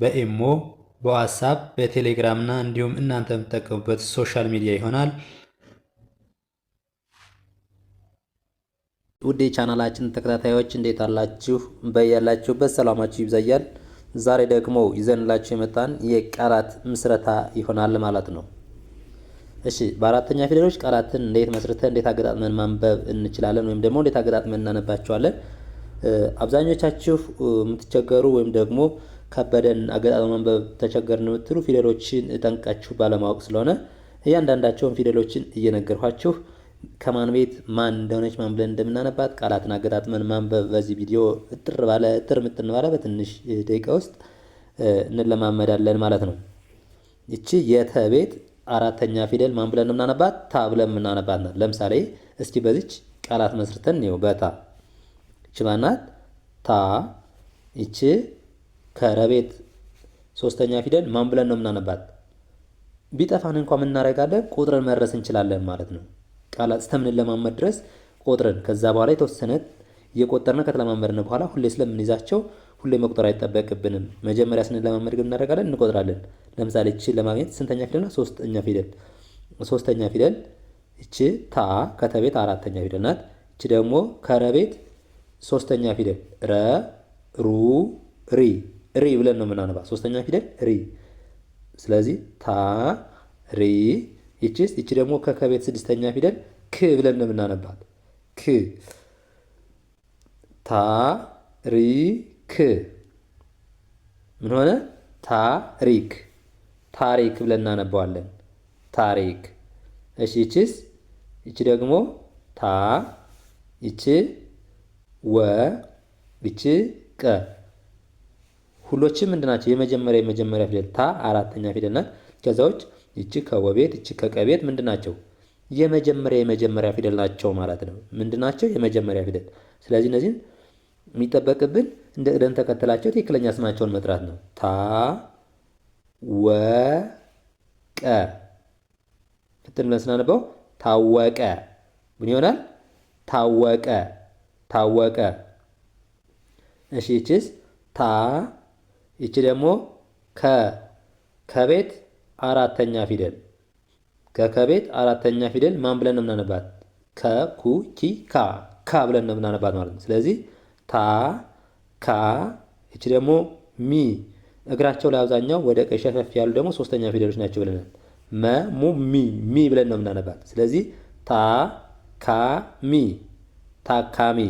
በኤሞ በዋትሳፕ በቴሌግራም እና እንዲሁም እናንተ የምትጠቀሙበት ሶሻል ሚዲያ ይሆናል። ውድ የቻናላችን ተከታታዮች እንዴት አላችሁ? በያላችሁበት ሰላማችሁ ይብዛያል። ዛሬ ደግሞ ይዘንላችሁ የመጣን የቃላት ምስረታ ይሆናል ማለት ነው። እሺ በአራተኛ ፊደሎች ቃላትን እንዴት መስርተን እንዴት አገጣጥመን ማንበብ እንችላለን ወይም ደግሞ እንዴት አገጣጥመን እናነባቸዋለን። አብዛኞቻችሁ የምትቸገሩ ወይም ደግሞ ከበደን አገጣጥሞ ማንበብ ተቸገርን የምትሉ ፊደሎችን ጠንቃችሁ ባለማወቅ ስለሆነ እያንዳንዳቸውን ፊደሎችን እየነገርኋችሁ ከማን ቤት ማን እንደሆነች ማን ብለን እንደምናነባት ቃላትን አገጣጥመን ማንበብ በዚህ ቪዲዮ እጥር ባለ እጥር ምጥን ባለ በትንሽ ደቂቃ ውስጥ እንለማመዳለን ማለት ነው። ይቺ የተ ቤት አራተኛ ፊደል ማን ብለን የምናነባት ታ ብለን የምናነባት ናት። ለምሳሌ እስቲ በዚች ቃላት መስርተን ው በታ ይቺ ማናት? ታ ይቺ ከረቤት ሶስተኛ ፊደል ማን ብለን ነው የምናነባት? ቢጠፋን እንኳ የምናረጋለን ቁጥርን መድረስ እንችላለን ማለት ነው። ቃላት እስከምንለማመድ ድረስ ቁጥርን ከዛ በኋላ የተወሰነ እየቆጠርን ከተለማመድን በኋላ ሁሌ ስለምንይዛቸው ሁሌ መቁጠር አይጠበቅብንም። መጀመሪያ ስንለማመድ ግን እናደርጋለን እንቆጥራለን። ለምሳሌ እቺ ለማግኘት ስንተኛ ፊደልና ሶስተኛ ፊደል ሶስተኛ ፊደል እቺ ታ ከተቤት አራተኛ ፊደል ናት። እቺ ደግሞ ከረቤት ሶስተኛ ፊደል ረ ሩ ሪ ሪ ብለን ነው የምናነባ ሶስተኛ ፊደል ሪ። ስለዚህ ታ ሪ ይቺስ ይቺ ደግሞ ከከቤት ስድስተኛ ፊደል ክ ብለን ነው የምናነባት ክ ታ ሪ ክ ምን ሆነ? ታሪክ ታሪክ ብለን እናነባዋለን። ታሪክ እሺ። ይቺስ ይቺ ደግሞ ታ ይቺ ወ ይቺ ቀ ሁሎችም ምንድናቸው? የመጀመሪያ የመጀመሪያ ፊደል ታ አራተኛ ፊደል ናት። ከዛዎች ውጭ ይቺ ከወቤት ይቺ ከቀቤት ምንድናቸው? የመጀመሪያ የመጀመሪያ ፊደል ናቸው ማለት ነው። ምንድናቸው? የመጀመሪያ ፊደል። ስለዚህ እነዚህን የሚጠበቅብን እንደ ቅደም ተከተላቸው ትክክለኛ ስማቸውን መጥራት ነው። ታ ወ ቀ ፍትን ብለን ስናነበው ታወቀ ምን ይሆናል? ታወቀ ታወቀ። እሺ ይቺስ ታ ይቺ ደግሞ ከ ከቤት አራተኛ ፊደል ከከቤት አራተኛ ፊደል ማን ብለን ነው የምናነባት? ከ ኩ ኪ ካ ካ ብለን ነው የምናነባት ማለት ነው። ስለዚህ ታ ካ ይቺ ደግሞ ሚ እግራቸው ለአብዛኛው ወደ ቀኝ ሸፈፍ ያሉ ደግሞ ሶስተኛ ፊደሎች ናቸው ብለናል። መ ሙ ሚ ሚ ብለን ነው የምናነባት። ስለዚህ ታ ካ ሚ ታካሚ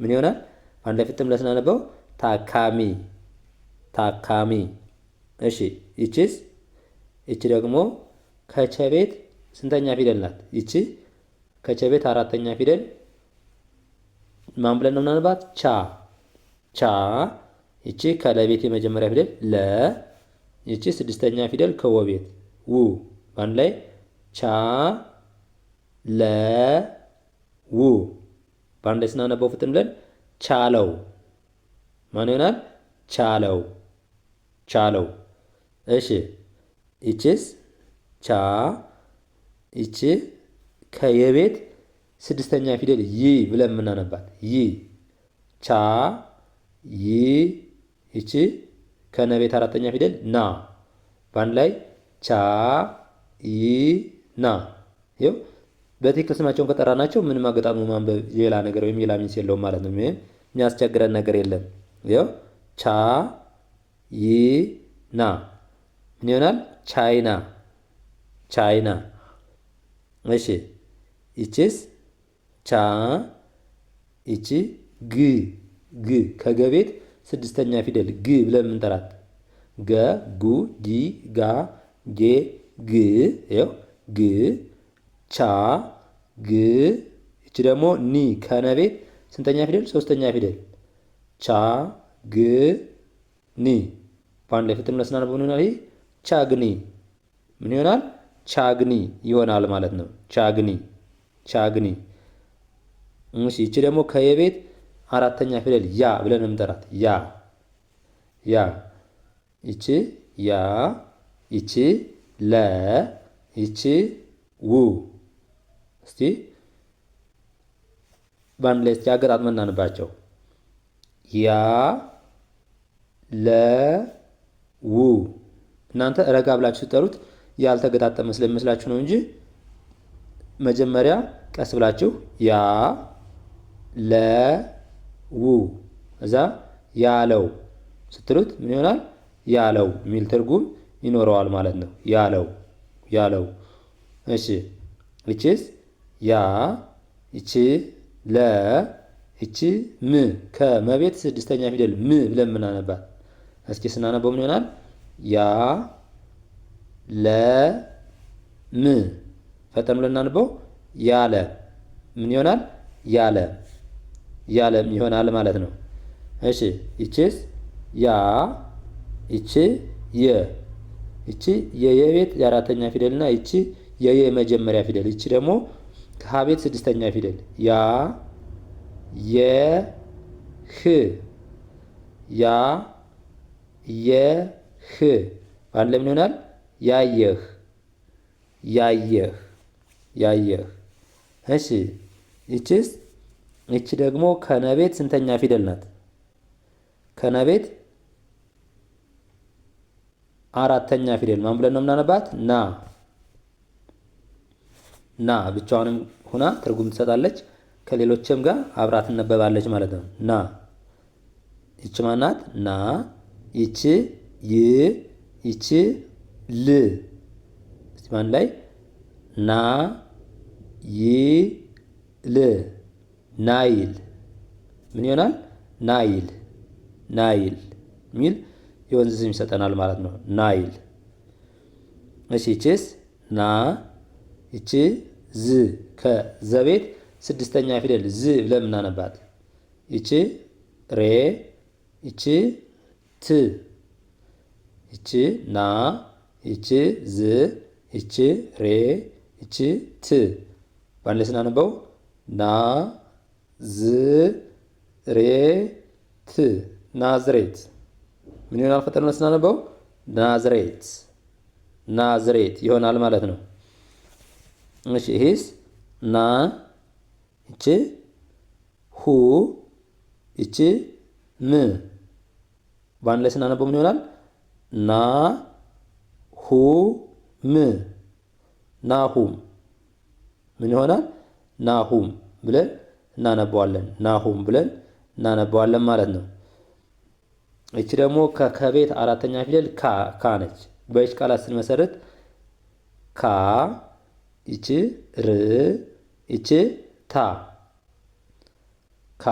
ምን ይሆናል? አንድ ለፊትም ለስናነበው ታካሚ ታካሚ። እሺ ይቺስ? ይቺ ደግሞ ከቸቤት ስንተኛ ፊደል ናት? ይቺ ከቸቤት አራተኛ ፊደል ማን ብለን ነው ምናልባት ቻ ቻ። ይቺ ከለቤት የመጀመሪያ ፊደል ለ። ይቺ ስድስተኛ ፊደል ከወቤት ው። በአንድ ላይ ቻ ለ ው። በአንድ ላይ ስናነበው ፍጥን ብለን ቻለው ማን ይሆናል? ቻለው ቻለው። እሺ ይቺስ ቻ ይቺ ከየቤት ስድስተኛ ፊደል ይ ብለን የምናነባት ይ ቻ ይ ይቺ ከነቤት አራተኛ ፊደል ና በአንድ ላይ ቻ ይ ና ይኸው በትክክል ስማቸውን ከጠራናቸው ምንም አገጣጥሞ ማንበብ ሌላ ነገር ወይም ሌላ ሚንስ የለውም ማለት ነው። የሚያስቸግረን ነገር የለም። ይኸው ቻ ይና ምን ይሆናል? ቻይና ቻይና። እሺ ይቺስ ቻ ይቺ ግ ግ ከገቤት ስድስተኛ ፊደል ግ ብለን የምንጠራት ገ ጉ ዲ ጋ ጌ ግ ይኸው ግ ቻ ግ ይቺ ደግሞ ኒ ከነቤት ስንተኛ ፊደል? ሶስተኛ ፊደል ቻ ግ ኒ በአንድ ላይ ፍጥነስናል በሆነ ይሆናል። ይህ ቻግኒ ምን ይሆናል? ቻግኒ ይሆናል ማለት ነው። ቻግኒ ቻግኒ። እሺ ይቺ ደግሞ ከየቤት አራተኛ ፊደል ያ ብለን እንጠራት። ያ ያ ይቺ ያ ይቺ ለ ይቺ ው እስቲ በአንድ ላይ እስቲ አገጣጥመን እናንባቸው ያ ለ ው እናንተ ረጋ ብላችሁ ስጠሩት ያልተገጣጠመ ስለሚመስላችሁ ነው እንጂ መጀመሪያ ቀስ ብላችሁ ያ ለ ው እዛ ያለው ስትሉት ምን ይሆናል? ያለው የሚል ትርጉም ይኖረዋል ማለት ነው። ያለው ያለው። እሺ እቺስ ያ እቺ ለ እቺ ም ከመቤት ስድስተኛ ፊደል ም ብለን የምናነባት። እስኪ ስናነበው ምን ይሆናል? ያ ለ ም ፈጠን ብለን እናንበው። ያለ ምን ይሆናል? ያለ ያለም ይሆናል ማለት ነው። እሺ ይቺስ ያ ይቺ የ ይቺ የየ ቤት የአራተኛ ፊደል እና ይቺ የየ መጀመሪያ ፊደል ይቺ ደግሞ ከሀ ቤት ስድስተኛ ፊደል ያ የ ህ ያ የህ በአንድ ለምን ይሆናል? ያየህ ያየህ ያየህ። እሺ ይቺስ ይቺ ደግሞ ከነቤት ስንተኛ ፊደል ናት? ከነቤት አራተኛ ፊደል ማን ብለን ነው የምናነባት? ና ና ብቻዋንም ሁና ትርጉም ትሰጣለች። ከሌሎችም ጋር አብራ ትነበባለች ማለት ነው። ና ይቺ ማናት? ና ይቺ ይ ይቺ ል ስቲማን ላይ ና ይ ል ናይል ምን ይሆናል? ናይል ናይል የሚል የወንዝ ስም ይሰጠናል ማለት ነው። ናይል እሺ። ይቺስ ና ይቺ ዝ ከዘቤት ስድስተኛ ፊደል ዝ ብለን ምናነባት ይቺ ሬ ይቺ ት ይቺ ና ይቺ ዝ ይቺ ሬ ይቺ ት በአንድ ላይ ስናነበው ና ዝ ሬ ት ናዝሬት ምን ይሆናል? ፈጠን ብለን ስናነበው ናዝሬት ናዝሬት ይሆናል ማለት ነው። እሺ ይህስ ና ይቺ ሁ ይቺ ም በአንድ ላይ ስናነበው ምን ይሆናል? ና ሁ ም ናሁም ምን ይሆናል? ናሁም ብለን እናነበዋለን። ናሁም ብለን እናነበዋለን ማለት ነው። እቺ ደግሞ ከከቤት አራተኛ ፊደል ካ ካ ነች። በእች ቃላት ስንመሰረት ካ ይቺ ር ይቺ ታ ካ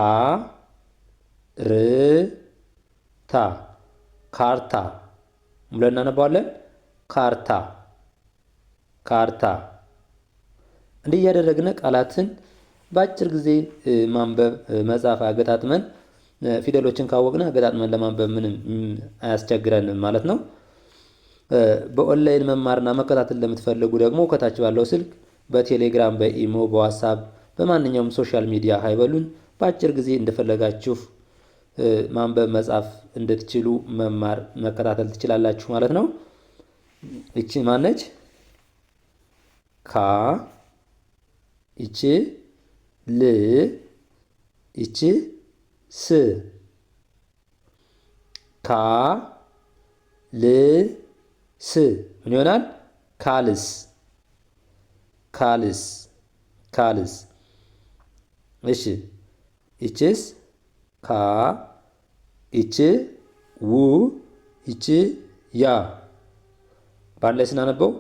ር ታ ካርታ ብለን እናነባዋለን። ካርታ ካርታ። እንዲህ እያደረግን ቃላትን በአጭር ጊዜ ማንበብ መጻፍ አገጣጥመን ፊደሎችን ካወቅን አገጣጥመን ለማንበብ ምንም አያስቸግረንም ማለት ነው። በኦንላይን መማርና መከታተል ለምትፈልጉ ደግሞ ከታች ባለው ስልክ በቴሌግራም፣ በኢሞ፣ በዋትሳፕ በማንኛውም ሶሻል ሚዲያ ሀይበሉን በአጭር ጊዜ እንደፈለጋችሁ ማንበብ መጻፍ እንድትችሉ መማር መከታተል ትችላላችሁ ማለት ነው። እቺ ማነች? ካ እቺ ል እቺ ስ ካ ል ስ ምን ይሆናል? ካልስ ካልስ ካልስ። እሺ እቺስ ካ ይቺ ው ይቺ ያ በአንድ ላይ ስናነበው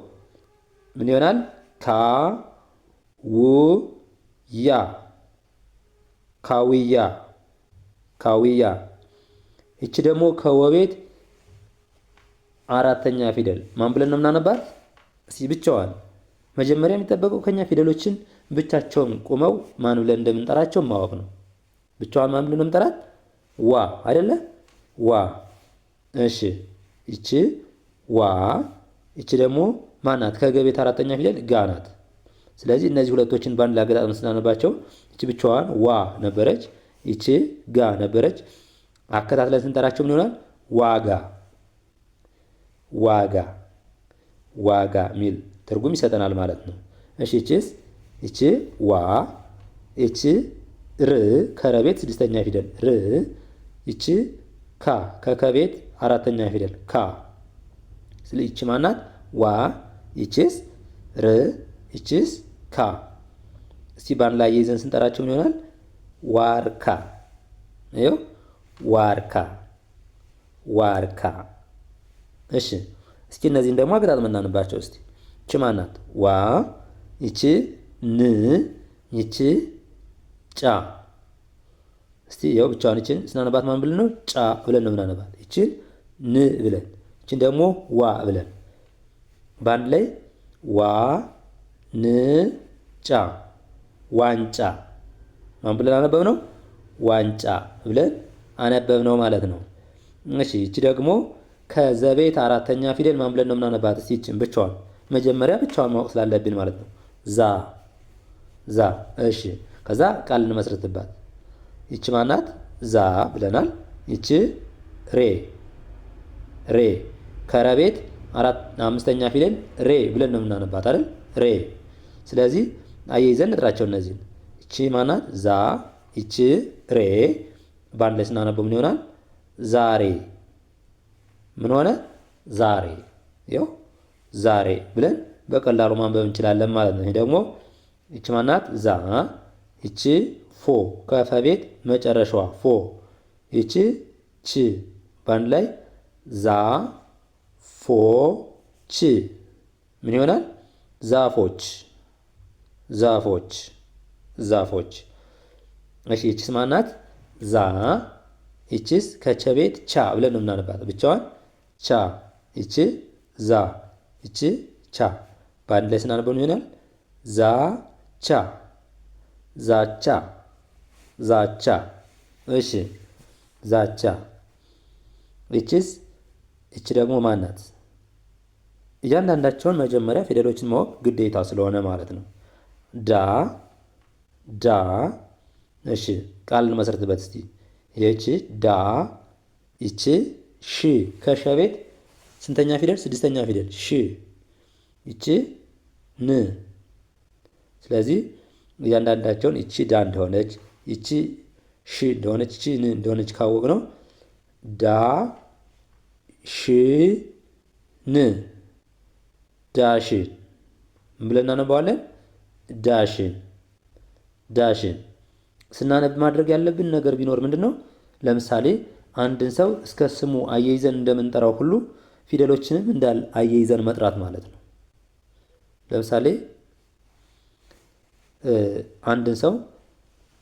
ምን ይሆናል? ካ ው ያ ካዊያ ካዊያ። ይቺ ደግሞ ከወቤት አራተኛ ፊደል ማን ብለን ነው የምናነባት? እስኪ ብቻዋን መጀመሪያ የሚጠበቀው ከኛ ፊደሎችን ብቻቸውን ቁመው ማን ብለን እንደምንጠራቸው ማወቅ ነው። ብቻዋን ማን ብለን ነው የምንጠራት? ዋ አይደለ? ዋ እሺ፣ ይቺ ዋ ይቺ ደግሞ ማናት? ከገቤት አራተኛ ፊደል ጋ ናት። ስለዚህ እነዚህ ሁለቶችን በአንድ ላገጣጥም ስናነባቸው ይቺ ብቻዋን ዋ ነበረች፣ ይቺ ጋ ነበረች። አከታትለን ስንጠራቸው ምን ይሆናል? ዋጋ ዋጋ ዋጋ ሚል ትርጉም ይሰጠናል ማለት ነው። እሺ ይቺስ? ይቺ ዋ ይቺ ር ከረቤት ስድስተኛ ፊደል ር ይቺ ካ ከከቤት አራተኛ ፊደል ካ። ስለ ይቺ ማናት? ዋ ይቺስ ር ይቺስ ካ። እስቲ ባንድ ላይ ይዘን ስንጠራቸው ምን ይሆናል? ዋርካ ይኸው ዋርካ ዋርካ። እሺ እስኪ እነዚህን ደግሞ አገጣጥመን እናንባቸው እስቲ። ይቺ ማናት? ዋ ይቺ ን ይቺ ጫ እስቲ ያው ብቻዋን ይችን ስናነባት ማን ብለን ነው ጫ ብለን ነው ምናነባት። ይችን ን ብለን ይችን ደግሞ ዋ ብለን በአንድ ላይ ዋ ን ጫ ዋንጫ ማን ብለን አነበብ ነው ዋንጫ ብለን አነበብ ነው ማለት ነው። እሺ ይቺ ደግሞ ከዘቤት አራተኛ ፊደል ማን ብለን ነው ምናነባት? እስቲ ይችን ብቻዋን መጀመሪያ ብቻዋን ማወቅ ስላለብን ማለት ነው። ዛ ዛ። እሺ ከዛ ቃል እንመስረትባት ይቺ ማናት? ዛ ብለናል። ይቺ ሬ ሬ ከረቤት አራት አምስተኛ ፊደል ሬ ብለን ነው የምናነባት አይደል? ሬ ስለዚህ አያይዘን እንጥራቸው እነዚህን። ይቺ ማናት? ዛ ይቺ ሬ በአንድ ላይ ስናነበው ምን ይሆናል? ዛሬ ምን ሆነ? ዛሬ ይኸው ዛሬ ብለን በቀላሉ ማንበብ እንችላለን ማለት ነው። ይሄ ደግሞ ይቺ ማናት? ዛ ይቺ ፎ ቤት መጨረሻዋ ፎ ይቺ ቺ በአንድ ላይ ዛ ፎ ቺ ምን ይሆናል? ዛፎች ዛፎች ዛፎች። እሺ ይቺስ ማናት? ዛ ይቺስ ከቸቤት ቻ ብለን ነው የምናነባት ብቻዋን ቻ ይቺ ዛ ይቺ ቻ በአንድ ላይ ስናነበው ይሆናል ዛ ቻ ዛቻ ዛቻ። እሺ ዛቻ። ይቺስ ይቺ ደግሞ ማናት? እያንዳንዳቸውን መጀመሪያ ፊደሎችን ማወቅ ግዴታ ስለሆነ ማለት ነው። ዳ ዳ። እሺ ቃል እንመሰርትበት እስቲ። ይቺ ዳ፣ ይቺ ሺ። ከሸ ቤት ስንተኛ ፊደል? ስድስተኛ ፊደል ሺ። ይቺ ን። ስለዚህ እያንዳንዳቸውን ይቺ ዳ እንደሆነች ይቺ ሽ እንደሆነች ቺ እንደሆነች ካወቅ ነው ዳ ሽ ን ዳሽን ብለን እናነባዋለን። ዳሽን ዳሽን ስናነብ ማድረግ ያለብን ነገር ቢኖር ምንድን ነው? ለምሳሌ አንድን ሰው እስከ ስሙ አያይዘን እንደምንጠራው ሁሉ ፊደሎችንም እንዳል አያይዘን መጥራት ማለት ነው። ለምሳሌ አንድን ሰው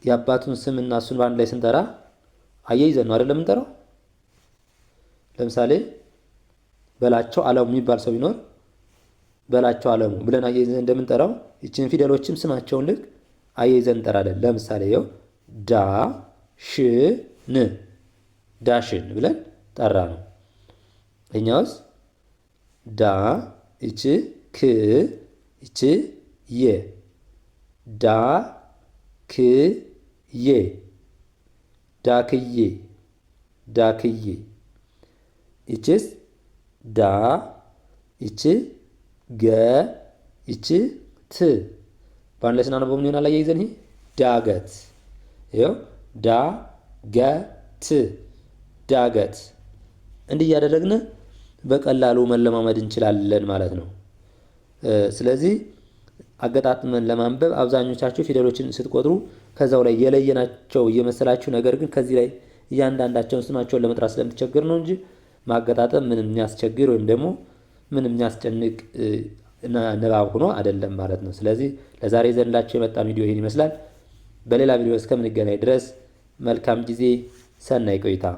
የአባቱን ስም እና እሱን በአንድ ላይ ስንጠራ አያይዘን ነው አይደለም እንጠራው። ለምሳሌ በላቸው አለሙ የሚባል ሰው ቢኖር በላቸው አለሙ ብለን አያይዘን እንደምንጠራው ይችን ፊደሎችም ስማቸውን ልክ አያይዘን እንጠራለን። ለምሳሌ ይኸው ዳ ሽን ዳሽን ብለን ጠራ ነው። እኛውስ ዳ ይቺ ክ ይቺ የ ዳ ክ ዬ ዳክዬ ዳክዬ ይችስ ዳ ይች ገ ይች ት በአንድ ላይ ስናነበው ምን ይሆናል? አያይዘን ይሄ ዳገት ይኸው ዳ ገ ት ዳገት እንዲህ እያደረግን በቀላሉ መለማመድ እንችላለን ማለት ነው። ስለዚህ አገጣጥመን ለማንበብ አብዛኞቻችሁ ፊደሎችን ስትቆጥሩ ከዛው ላይ የለየናቸው እየመሰላችሁ ነገር ግን ከዚህ ላይ እያንዳንዳቸውን ስማቸውን ለመጥራት ስለምትቸግር ነው እንጂ ማገጣጠም ምንም የሚያስቸግር ወይም ደግሞ ምንም የሚያስጨንቅ ንባብ ሆኖ አይደለም ማለት ነው። ስለዚህ ለዛሬ ዘንላችሁ የመጣ ቪዲዮ ይህን ይመስላል። በሌላ ቪዲዮ እስከምንገናኝ ድረስ መልካም ጊዜ፣ ሰናይ ቆይታ